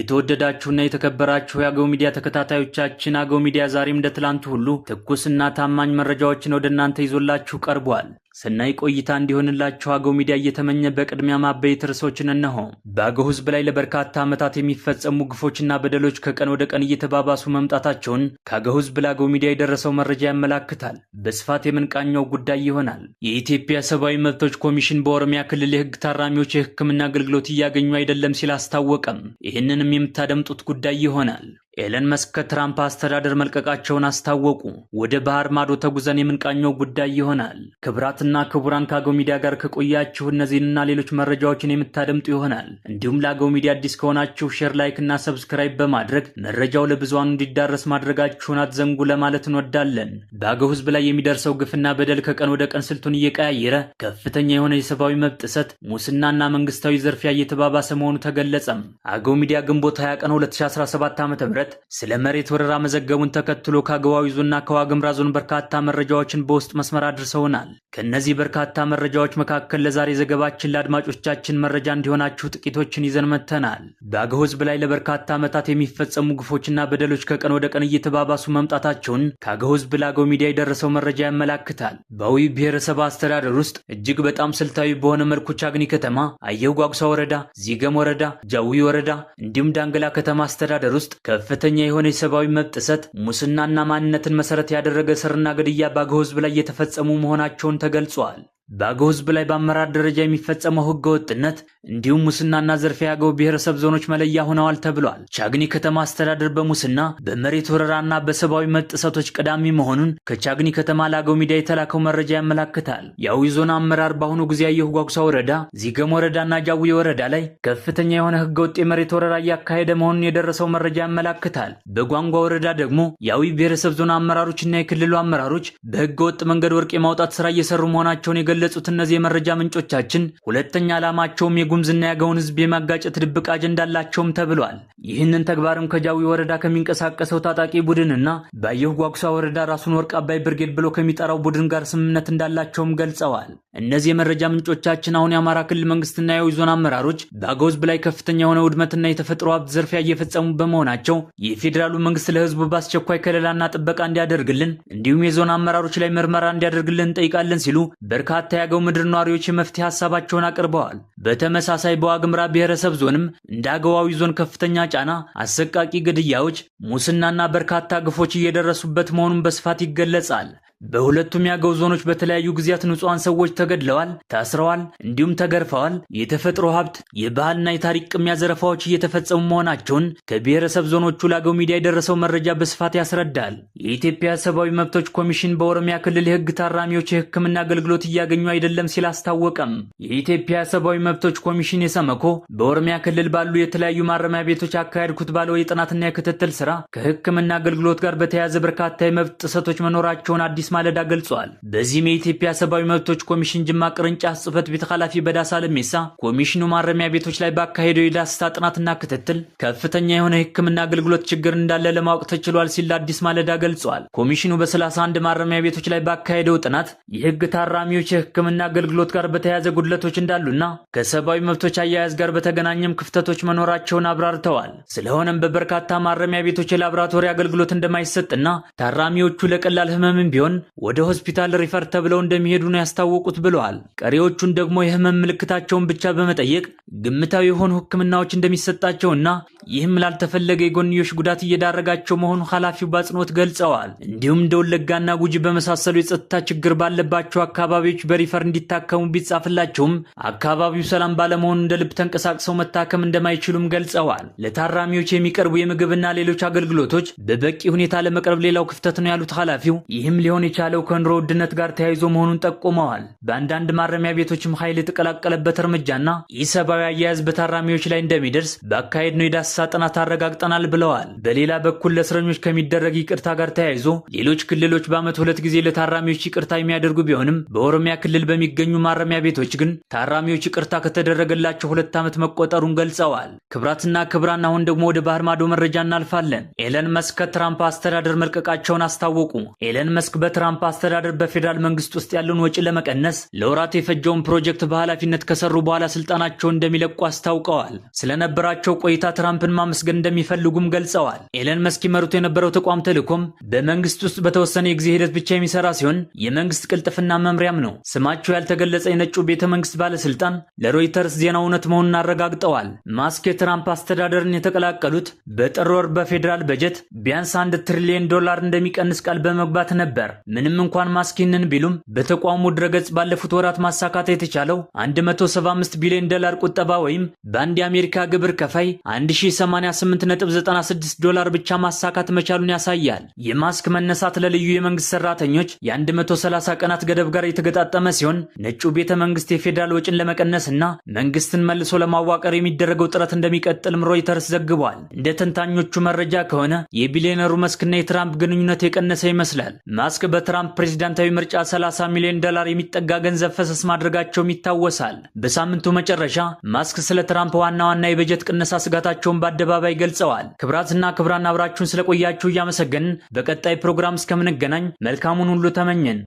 የተወደዳችሁና የተከበራችሁ የአገው ሚዲያ ተከታታዮቻችን አገው ሚዲያ ዛሬም እንደ ትላንቱ ሁሉ ትኩስና ታማኝ መረጃዎችን ወደ እናንተ ይዞላችሁ ቀርቧል። ሰናይ ቆይታ እንዲሆንላቸው አገው ሚዲያ እየተመኘ በቅድሚያ ማበይት ርዕሶችን እነሆ። በአገው ሕዝብ ላይ ለበርካታ ዓመታት የሚፈጸሙ ግፎችና በደሎች ከቀን ወደ ቀን እየተባባሱ መምጣታቸውን ከአገው ሕዝብ ለአገው ሚዲያ የደረሰው መረጃ ያመላክታል። በስፋት የምንቃኘው ጉዳይ ይሆናል። የኢትዮጵያ ሰብአዊ መብቶች ኮሚሽን በኦሮሚያ ክልል የህግ ታራሚዎች የሕክምና አገልግሎት እያገኙ አይደለም ሲል አስታወቀም። ይህንንም የምታደምጡት ጉዳይ ይሆናል። ኤለን መስክ ከትራምፕ አስተዳደር መልቀቃቸውን አስታወቁ። ወደ ባህር ማዶ ተጉዘን የምንቃኘው ጉዳይ ይሆናል። ክብራትና ክቡራን ከአገው ሚዲያ ጋር ከቆያችሁ እነዚህንና ሌሎች መረጃዎችን የምታደምጡ ይሆናል። እንዲሁም ለአገው ሚዲያ አዲስ ከሆናችሁ ሼር፣ እና ሰብስክራይብ በማድረግ መረጃው ለብዙሃኑ እንዲዳረስ ማድረጋችሁን አትዘንጉ ለማለት እንወዳለን። በአገው ህዝብ ላይ የሚደርሰው ግፍና በደል ከቀን ወደ ቀን ስልቱን እየቀያየረ ከፍተኛ የሆነ የሰብአዊ መብት ጥሰት፣ ሙስናና መንግስታዊ ዘርፊያ እየተባባሰ መሆኑ ተገለጸም። አገው ሚዲያ ግንቦት 20 ቀን 2017 ም ሪፖርት ስለ መሬት ወረራ መዘገቡን ተከትሎ ከአገዋዊ ዞንና ከዋግምራ ዞን በርካታ መረጃዎችን በውስጥ መስመር አድርሰውናል። ከእነዚህ በርካታ መረጃዎች መካከል ለዛሬ ዘገባችን ለአድማጮቻችን መረጃ እንዲሆናችሁ ጥቂቶችን ይዘን መጥተናል። በአገው ሕዝብ ላይ ለበርካታ ዓመታት የሚፈጸሙ ግፎችና በደሎች ከቀን ወደ ቀን እየተባባሱ መምጣታቸውን ከአገው ሕዝብ ለአገው ሚዲያ የደረሰው መረጃ ያመላክታል። በአዊ ብሔረሰብ አስተዳደር ውስጥ እጅግ በጣም ስልታዊ በሆነ መልኩ ቻግኒ ከተማ፣ አየው ጓጉሳ ወረዳ፣ ዚገም ወረዳ፣ ጃዊ ወረዳ እንዲሁም ዳንገላ ከተማ አስተዳደር ውስጥ ከፍ ከፍተኛ የሆነ የሰብአዊ መብት ጥሰት፣ ሙስናና ማንነትን መሰረት ያደረገ ስርና ግድያ በአገው ህዝብ ላይ እየተፈጸሙ መሆናቸውን ተገልጿል። በአገው ህዝብ ላይ በአመራር ደረጃ የሚፈጸመው ህገወጥነት እንዲሁም ሙስናና ዘርፌ የአገው ብሔረሰብ ዞኖች መለያ ሆነዋል ተብሏል። ቻግኒ ከተማ አስተዳደር በሙስና በመሬት ወረራና በሰብአዊ መብት ጥሰቶች ቀዳሚ መሆኑን ከቻግኒ ከተማ ለአገው ሚዲያ የተላከው መረጃ ያመላክታል። የአዊ ዞን አመራር በአሁኑ ጊዜ ያየሁ ጓጉሳ ወረዳ፣ ዚገም ወረዳና ጃዊ ወረዳ ላይ ከፍተኛ የሆነ ህገወጥ የመሬት ወረራ እያካሄደ መሆኑን የደረሰው መረጃ ያመላክታል። በጓንጓ ወረዳ ደግሞ የአዊ ብሔረሰብ ዞን አመራሮችና የክልሉ አመራሮች በህገወጥ መንገድ ወርቅ የማውጣት ስራ እየሰሩ መሆናቸውን የገለ የገለጹት እነዚህ የመረጃ ምንጮቻችን ሁለተኛ ዓላማቸውም የጉምዝና ያገውን ህዝብ የማጋጨት ድብቅ አጀንዳ አላቸውም ተብሏል። ይህንን ተግባርም ከጃዊ ወረዳ ከሚንቀሳቀሰው ታጣቂ ቡድንና ባየሁ ጓጉሳ ወረዳ ራሱን ወርቅ አባይ ብርጌድ ብሎ ከሚጠራው ቡድን ጋር ስምምነት እንዳላቸውም ገልጸዋል። እነዚህ የመረጃ ምንጮቻችን አሁን የአማራ ክልል መንግስትና የአዊ ዞን አመራሮች በአገው ህዝብ ላይ ከፍተኛ የሆነ ውድመትና የተፈጥሮ ሀብት ዘርፊያ እየፈጸሙ በመሆናቸው የፌዴራሉ መንግስት ለህዝቡ በአስቸኳይ ከለላና ጥበቃ እንዲያደርግልን እንዲሁም የዞን አመራሮች ላይ ምርመራ እንዲያደርግልን እንጠይቃለን ሲሉ በርካታ በርካታ የአገው ምድር ነዋሪዎች የመፍትሄ ሀሳባቸውን አቅርበዋል። በተመሳሳይ በዋግምራ ብሔረሰብ ዞንም እንደ አገዋዊ ዞን ከፍተኛ ጫና፣ አሰቃቂ ግድያዎች፣ ሙስናና በርካታ ግፎች እየደረሱበት መሆኑን በስፋት ይገለጻል። በሁለቱም የአገው ዞኖች በተለያዩ ጊዜያት ንጹሐን ሰዎች ተገድለዋል፣ ታስረዋል፣ እንዲሁም ተገርፈዋል። የተፈጥሮ ሀብት የባህልና የታሪክ ቅሚያ ዘረፋዎች እየተፈጸሙ መሆናቸውን ከብሔረሰብ ዞኖቹ ለአገው ሚዲያ የደረሰው መረጃ በስፋት ያስረዳል። የኢትዮጵያ ሰብአዊ መብቶች ኮሚሽን በኦሮሚያ ክልል የህግ ታራሚዎች የህክምና አገልግሎት እያገኙ አይደለም ሲል አስታወቀም። የኢትዮጵያ ሰብአዊ መብቶች ኮሚሽን የሰመኮ በኦሮሚያ ክልል ባሉ የተለያዩ ማረሚያ ቤቶች አካሄድኩት ባለው የጥናትና የክትትል ስራ ከህክምና አገልግሎት ጋር በተያያዘ በርካታ የመብት ጥሰቶች መኖራቸውን አዲስ ማለዳ ገልጸዋል። በዚህም የኢትዮጵያ ሰብአዊ መብቶች ኮሚሽን ጅማ ቅርንጫፍ ጽህፈት ቤት ኃላፊ በዳሳ ለሜሳ ኮሚሽኑ ማረሚያ ቤቶች ላይ ባካሄደው የዳስታ ጥናትና ክትትል ከፍተኛ የሆነ ሕክምና አገልግሎት ችግር እንዳለ ለማወቅ ተችሏል ሲል ለአዲስ ማለዳ ገልጸዋል። ኮሚሽኑ በ31 ማረሚያ ቤቶች ላይ ባካሄደው ጥናት የህግ ታራሚዎች የህክምና አገልግሎት ጋር በተያያዘ ጉድለቶች እንዳሉና ከሰብአዊ መብቶች አያያዝ ጋር በተገናኘም ክፍተቶች መኖራቸውን አብራርተዋል። ስለሆነም በበርካታ ማረሚያ ቤቶች የላብራቶሪ አገልግሎት እንደማይሰጥና ታራሚዎቹ ለቀላል ህመምም ቢሆን ወደ ሆስፒታል ሪፈር ተብለው እንደሚሄዱ ነው ያስታወቁት ብለዋል። ቀሪዎቹን ደግሞ የህመም ምልክታቸውን ብቻ በመጠየቅ ግምታዊ የሆኑ ህክምናዎች እንደሚሰጣቸውና ይህም ላልተፈለገ የጎንዮሽ ጉዳት እየዳረጋቸው መሆኑን ኃላፊው በአጽንኦት ገልጸዋል። እንዲሁም እንደ ወለጋና ጉጂ በመሳሰሉ የጸጥታ ችግር ባለባቸው አካባቢዎች በሪፈር እንዲታከሙ ቢጻፍላቸውም አካባቢው ሰላም ባለመሆኑ እንደ ልብ ተንቀሳቅሰው መታከም እንደማይችሉም ገልጸዋል። ለታራሚዎች የሚቀርቡ የምግብና ሌሎች አገልግሎቶች በበቂ ሁኔታ ለመቅረብ ሌላው ክፍተት ነው ያሉት ኃላፊው ይህም ሊሆን የቻለው ከኑሮ ውድነት ጋር ተያይዞ መሆኑን ጠቁመዋል። በአንዳንድ ማረሚያ ቤቶችም ኃይል የተቀላቀለበት እርምጃና ኢሰብአዊ አያያዝ በታራሚዎች ላይ እንደሚደርስ በአካሄድ ነው የዳሰ ዳሰሳ ጥናት አረጋግጠናል ብለዋል። በሌላ በኩል ለእስረኞች ከሚደረግ ይቅርታ ጋር ተያይዞ ሌሎች ክልሎች በዓመት ሁለት ጊዜ ለታራሚዎች ይቅርታ የሚያደርጉ ቢሆንም በኦሮሚያ ክልል በሚገኙ ማረሚያ ቤቶች ግን ታራሚዎች ይቅርታ ከተደረገላቸው ሁለት ዓመት መቆጠሩን ገልጸዋል። ክብራትና ክብራን፣ አሁን ደግሞ ወደ ባህር ማዶ መረጃ እናልፋለን። ኤለን መስክ ከትራምፕ አስተዳደር መልቀቃቸውን አስታወቁ። ኤለን መስክ በትራምፕ አስተዳደር በፌዴራል መንግስት ውስጥ ያለውን ወጪ ለመቀነስ ለወራት የፈጀውን ፕሮጀክት በኃላፊነት ከሰሩ በኋላ ስልጣናቸውን እንደሚለቁ አስታውቀዋል። ስለነበራቸው ቆይታ ትራምፕ መንግስትን ማመስገን እንደሚፈልጉም ገልጸዋል። ኤለን መስክ ይመሩት የነበረው ተቋም ቴሌኮም በመንግስት ውስጥ በተወሰነ የጊዜ ሂደት ብቻ የሚሰራ ሲሆን የመንግስት ቅልጥፍና መምሪያም ነው። ስማቸው ያልተገለጸ የነጩ ቤተ መንግስት ባለስልጣን ለሮይተርስ ዜና እውነት መሆኑን አረጋግጠዋል። ማስክ የትራምፕ አስተዳደርን የተቀላቀሉት በጥር ወር በፌዴራል በጀት ቢያንስ አንድ ትሪሊየን ዶላር እንደሚቀንስ ቃል በመግባት ነበር። ምንም እንኳን ማስክ ይህንን ቢሉም በተቋሙ ድረገጽ ባለፉት ወራት ማሳካት የተቻለው 175 ቢሊዮን ዶላር ቁጠባ ወይም በአንድ የአሜሪካ ግብር ከፋይ 1 8896 ዶላር ብቻ ማሳካት መቻሉን ያሳያል። የማስክ መነሳት ለልዩ የመንግስት ሰራተኞች የ130 ቀናት ገደብ ጋር የተገጣጠመ ሲሆን ነጩ ቤተ መንግስት የፌዴራል ወጪን ለመቀነስና መንግስትን መልሶ ለማዋቀር የሚደረገው ጥረት እንደሚቀጥልም ሮይተርስ ዘግቧል። እንደ ተንታኞቹ መረጃ ከሆነ የቢሊዮነሩ መስክና የትራምፕ ግንኙነት የቀነሰ ይመስላል። ማስክ በትራምፕ ፕሬዚዳንታዊ ምርጫ 30 ሚሊዮን ዶላር የሚጠጋ ገንዘብ ፈሰስ ማድረጋቸውም ይታወሳል። በሳምንቱ መጨረሻ ማስክ ስለ ትራምፕ ዋና ዋና የበጀት ቅነሳ ስጋታቸውን ሁሉም በአደባባይ ገልጸዋል። ክብራትና ክብራን አብራችሁን ስለቆያችሁ እያመሰገንን በቀጣይ ፕሮግራም እስከምንገናኝ መልካሙን ሁሉ ተመኘን።